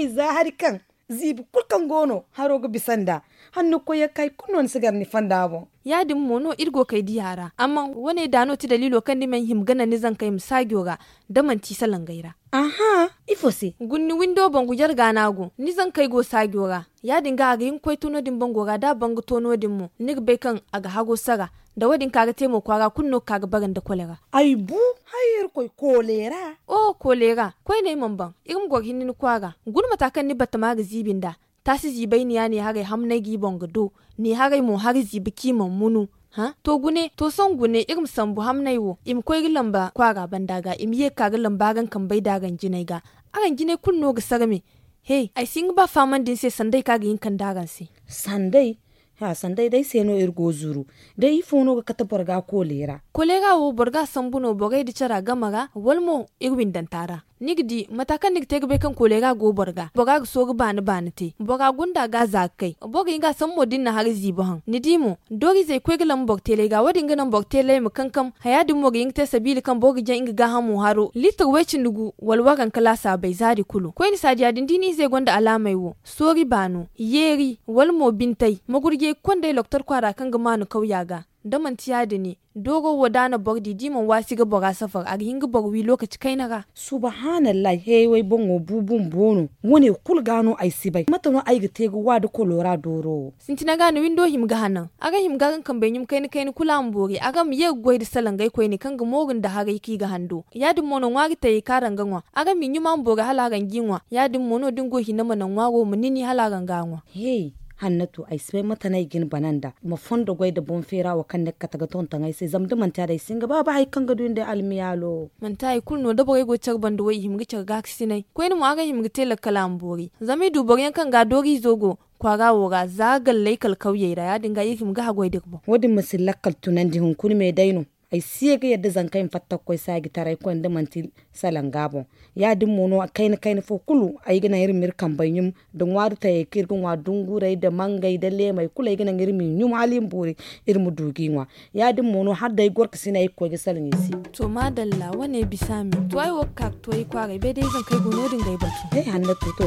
kan gono haro bisanda hannu ko ya kai kunnon sigar ni fanda bo yadin mono irgo kai di yara amma wane dano ti dalilo kan ni men himgana ni zan kai misagyo ga man ti salan gaira aha se gunni window bangu gana go. ni zan kai go sagyo ga yadin ga ga yin koi tono din bango ga da bangu tono din mu ni be kan aga hago saga da wadin kaga temo ga kunno kaga bagan da kolera ai bu hayir koi kolera o oh, kolera koi ne man ban igum go hinni ga gun kan ni batta ga zibin da tasi zibainiya ne hagai hamnagi bongdo ne hagai mo har zibi kiman munu ha to gune to son gune irim sambu hamnai wo im koyri lamba kwara bandaga im ye kari lamba gan kan bai dagan jinai ga aran jinai kunno ga sarme he ai sing ba faman din sai sandai kaga yin kan dagan sai sandai ha sandai dai sai no irgo zuru dai ifono ga kata borga kolera kolega wo borga no bogai da cara gamaga walmo irwin dantara nigdi matakan nig teg be kan kolega go borga boga so ga bani bani te boga gunda ga zakai boga inga san modin na har zibo han nidimo dori zai kweglan bok tele ga wadin ganan bok tele mu kankam hayadin mo ga ingta sabili kan boga jan inga ga hamu haro litir wai dugu walwagan klasa bai zari kulu ko ni sadiya dini zai gonda alamai wo sori bano yeri walmo bintai magurge kwandai loktar kwara kan ga manu kauya ga da man da ne dogo wadana bordi diman wasi ga bora safar a hinga borwi lokaci kai ga subhanallah he wai bongo bubun bono wone kul gano ai sibai mata no ai gite ga wada colorado ro sintina gano window him ga hanan ga him ga kan kai kai kula am bori ga mu ye goi da salan gai koi ne kan ga mogun da hagai ki ga hando ya dum mono wari tayi karan ganwa aga min nyuma am bori halagan ginwa ya dum mono dingo hinama nan wago munini halagan ganwa hey hannatu ai sai mata gin bananda ma da gwai da bon fera wa kan nekka taga ton tan ai zam zamdu manta tare singa baba ai kan gadu inda almiyalo man kulno da boy go chak bandu wai himgi ga gaksi nay ko ni mu aga himgi tela bori. zami dubori kan ga dogi zogo kwaga woga zagal laikal kauye da ya dinga yi himga hagoy dikbo wodin musillakkal tunan di kun me daino ay ga yadda zan kai fatta koy gi tarai ko inda manti salan gabo ya din mono kaina kaina fo kulu ay gina irin mir kambanyum don wadu ta yakir gun wadun gurai da mangai da mai kula ay gina irin min yum alim buri irin mu duginwa ya din mono har dai gorka sina ay koy salan yisi to madalla wane bisami to ai wakka to ay kwarai be dai zan kai gono din gai to eh hannatu to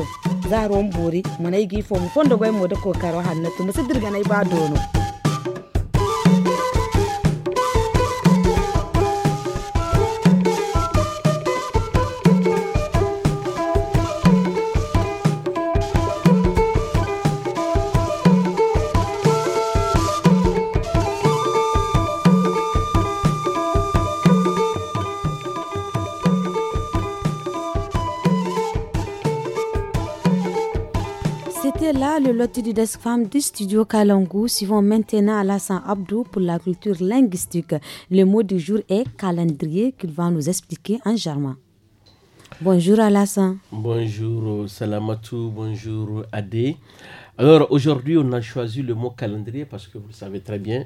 zaron buri manai gifo mu fonda goy mu da kokaro hannatu musu dirga nay ba dono le lot du desk du studio Kalangu. Suivons maintenant Alassane Abdou pour la culture linguistique. Le mot du jour est calendrier qu'il va nous expliquer en german. Bonjour Alassane. Bonjour Salamatou, bonjour Adé. Alors aujourd'hui on a choisi le mot calendrier parce que vous le savez très bien,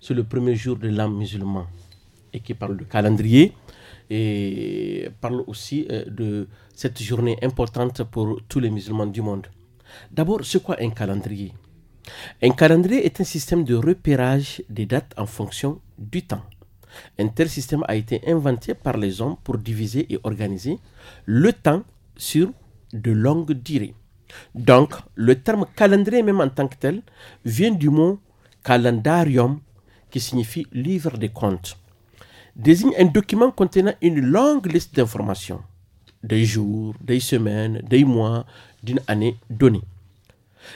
c'est le premier jour de l'âme musulman et qui parle de calendrier et parle aussi euh, de cette journée importante pour tous les musulmans du monde. D'abord, c'est quoi un calendrier Un calendrier est un système de repérage des dates en fonction du temps. Un tel système a été inventé par les hommes pour diviser et organiser le temps sur de longues durées. Donc, le terme calendrier même en tant que tel vient du mot calendarium qui signifie livre des comptes. Désigne un document contenant une longue liste d'informations, des jours, des semaines, des mois, d'une année donnée.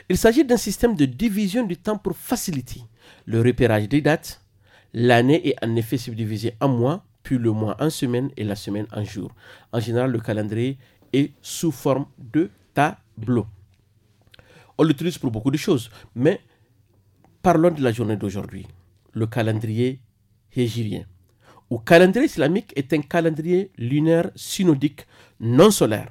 Il s'agit d'un système de division du temps pour faciliter le repérage des dates. L'année est en effet subdivisée en mois, puis le mois en semaine et la semaine en jours. En général, le calendrier est sous forme de tableau. On l'utilise pour beaucoup de choses, mais parlons de la journée d'aujourd'hui, le calendrier hégirien. Ou calendrier islamique est un calendrier lunaire synodique non solaire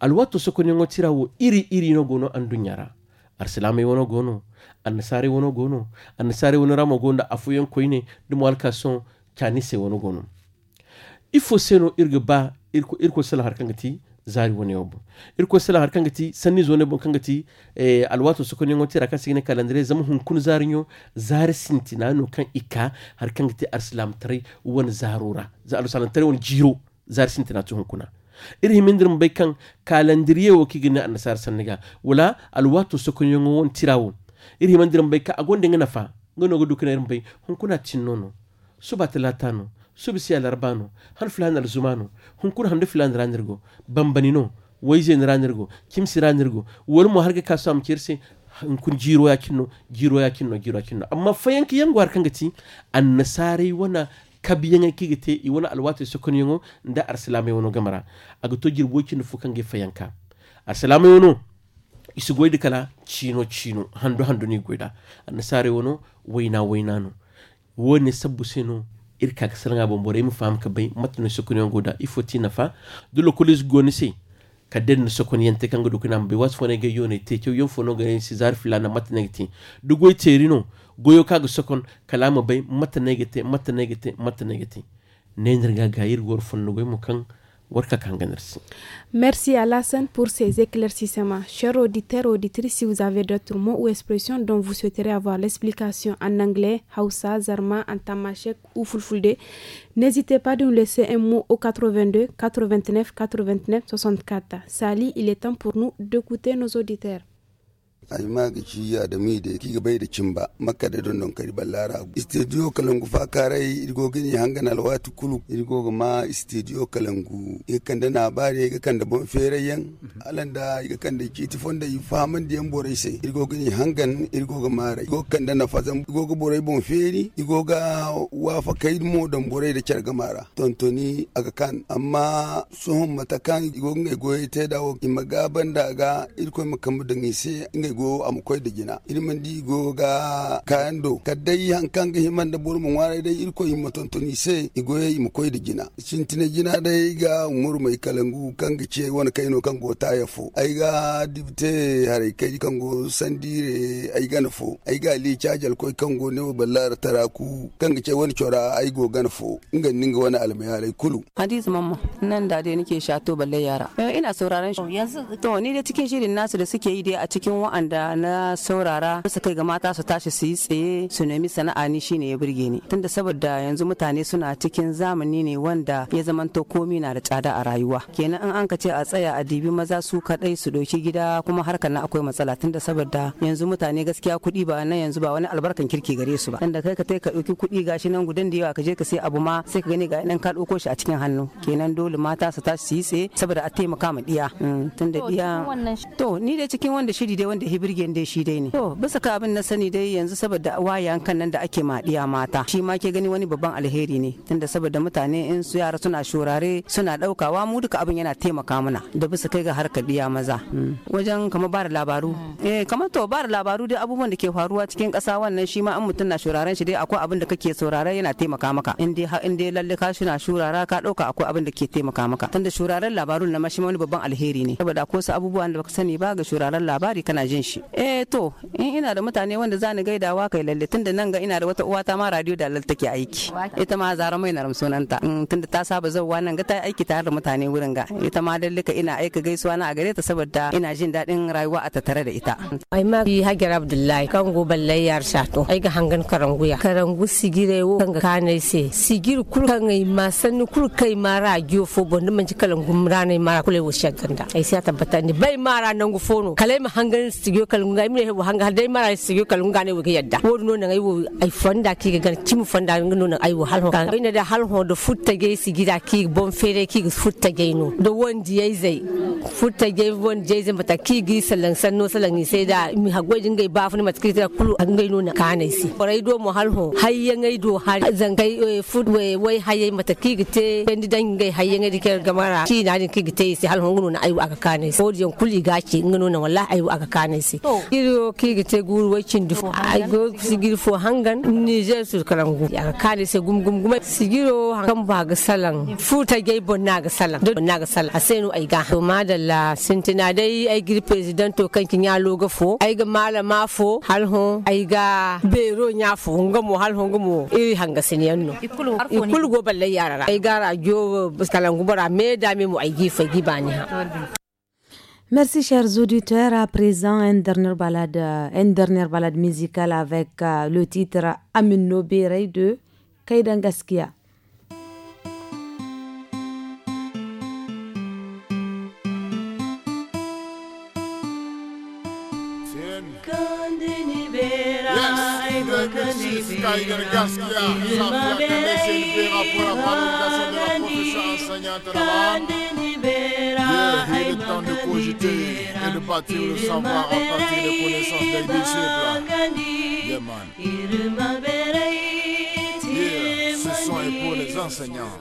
alwattu ngo tirawo iri iri no gono andu ñara arsilamay wono gono annasare wono gono annasare wono ramo gonda afuyen koyne dum alkason se wono gono ifo faut seno irga ba irko, irko sala harkanga ti zari woni obo irko sala harkanga ti sanni zone bon kanga ti eh, alwato ngo tira ka sigine calendrier zama hunkun zariño zari sintina n'o kan ika har ti arsilam tari won zarura za alusalam tari won jiro zari sintina tu hun kuna iri himindin bai kan kalandiriye wo kigi na nasar sanniga wala alwatu sokonyo won tirawo iri himindin bai ka agonde ngana fa ngono go dukina irin bai hun kuna cinnono suba talatano subi siya larbano han filan alzumano hun kuna hamde filan ranirgo bambanino waizen ranirgo kimsi ranirgo wani mo harga kasu am kirse in kun jiro ya kinno jiro ya kinno jiro ya kinno amma fayanki yango har kangati annasare wana kabiyanya kigite iwana alwate sokoniyo nda arsalame wano gamara agato jirbochi nufukange fayanka arsalame wano isu goyda kala chino chino hando hando ni goyda anasare wano waina waina no woni sabbu seno irka ka saranga bombore mu fam kabai bai matno sokoniyo goda ifoti nafa dulo kolis goni sai ka den sokoni yante kanga dukuna mbe wasfone ge yone te yo fono ga sizar filana matnegti dugwe terino Merci à pour ces éclaircissements. Chers auditeurs, auditrices, si vous avez d'autres mots ou expressions dont vous souhaiterez avoir l'explication en anglais, Hausa, Zarma, ou Fulfulde, n'hésitez pas de nous laisser un mot au 82 89 89 64. Sali, il est temps pour nous d'écouter nos auditeurs. a yi magaci ya da mi da ki gabai da cin ba makka da don donkari ballara studio kalangu fa karai irgogin ya hangana alwatu kulu irgoga ma studio kalangu ya kan da nabare ya kan da bon ferayyan alan da ya kan da kiti fonda yi faman da yan borai sai irgogin ya hangan irgoga mara irgoga kan da na fazan irgoga borai bon feri irgoga wafa kai mo don borai da kyar gamara tontoni aga kan amma sun matakan irgoga goye ta dawo imagaban da ga irko makamu da ngise go am koy da jina irman di go ga dai kadai hankan ga himan da burmun ware dai irko matantoni sai i igo yi mu da gina jina tina jina dai ga umur mai kalangu kan ga ce wani kaino kan go ta yafo ai ga dibte hare kai kan go sandire ai ga nafo ai ga li chajal koi kan go ne ballar taraku kan ga ce wani chora ai go ga nafo ingan ninga wani almayalai kulu hadiz mamma nan da dai nake shato balle yara eh, ina sauraron shi yanzu to ni da cikin shirin nasu da suke yi dai a cikin wa'an waɗanda na saurara su kai ga mata su tashi su yi tsaye su nemi sana'a ni shine ya burge ni tunda saboda yanzu mutane suna cikin zamani ne wanda ya zamanto komi na da tsada a rayuwa kenan in an ka ce a tsaya a dibi maza su kadai su doki gida kuma harkar na akwai matsala tunda saboda yanzu mutane gaskiya kuɗi ba na yanzu ba wani albarkan kirki gare su ba tunda kai ka tai ka ɗauki kuɗi gashi nan gudan da yawa ka je ka sai abu ma sai ka gani ga nan ka ɗauko shi a cikin hannu kenan dole mata su tashi su yi tsaye saboda a taimaka ma diya mm, tunda diya to ni da cikin wanda shiri dai wanda da hibirgen dai shi dai ne to bisa ka abin na sani dai yanzu saboda wayan kan nan da ake maɗiya mata shi ma ke gani wani babban alheri ne tunda saboda mutane in su yara suna shorare suna ɗaukawa mu duka abin yana taimaka mana da bisa kai ga harkar ɗiya maza mm. wajen kamar bara labaru mm. eh kamar to bara labaru dai abubuwan da ke faruwa cikin ƙasa wannan shi ma an mutum na shoraren shi dai akwai abin da kake saurare yana taimaka maka in dai in dai lalle ka na shurara ka ɗauka akwai abin da ke taimaka maka tunda shuraren labarun na ma shi wani babban alheri ne saboda ko su abubuwan da baka sani ba ga shuraren labari kana ji jin shi eh to in ina da mutane wanda zani gaidawa kai lalle tunda nan ga ina da wata uwa ta ma radio da lalle take aiki ita ma zara mai naram sunanta mm, tunda ta saba zauwa nan ga ta aiki tare da mutane wurin ga ita ma lalle ka ina aika gaisuwa na a gare ta saboda ina jin daɗin rayuwa a tattare da ita ai ma bi hajar abdullahi kan go balle yar shato ai ga hangan karanguya. karangu sigire wo kan ga kanai se sigir kul kan ai ma sanu kul kai ma radio fo bon man ji kalangu mrane ma kule wo shaganda ai sai tabbata ni bai ma ranan go fono kalai ma hangan sigiyo kalunga imine hebu hanga dai mara sigiyo kalunga ne wuki yadda wodu no nangai wo ai fonda ki ga gan timu fonda no nan ai wo halho kan ina da halho do futta ge sigira ki bon fere ki futta ge no do wondi yai zai futta ge bon je zai mata ki gi salan no salan sai da mi hagwai dingai ba fu ne matki da kulu an gai no na kana si korai do mo halho hayya ngai do har zangai food way wai hayya mata ki te bendi dan ngai hayya ngai ke gamara ki na ni ki te si halho ngunu na ai aka kana si wodi yan kuli gaci ngunu na wallahi ai aka kana nese oh. iro ki gite guru wacin du oh, ai go sigir fo hangan oh. ni sur kalangu ya kare se gum gum gum sigiro hangan ba ga salan futa gai bonna ga salan don na ga asenu ai ga to madalla sintina dai ay gir president to kankin ya loga fo ay ga mala ma fo halho ay ga bero nya fo ngamo halho ngamo iri hanga siniyanno ikulu go balle yara ai ga ra jo kalangu bara me da me mu ai gifa gibani ha Merci chers auditeurs. À présent, une dernière balade, une dernière balade musicale avec le titre Amin Nobere de Kaidan Gaskia. Kaidan Gaskia, ça fait un essai de la pour la validation de la profession enseignante là-bas. Dieu, il est temps de cogiter et de bâtir le savoir à partir des connaissances des disciples. Yeah, Dieu, ce son est pour les enseignants.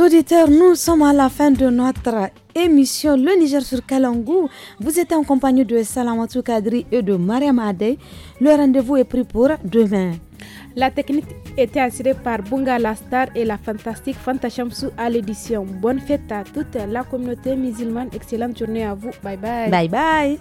auditeurs, nous sommes à la fin de notre émission Le Niger sur Kalangou. Vous êtes en compagnie de Salamatou Kadri et de Mariam Le rendez-vous est pris pour demain. La technique était assurée par Bunga la star et la fantastique Fanta à l'édition. Bonne fête à toute la communauté musulmane. Excellente journée à vous. Bye bye. Bye bye.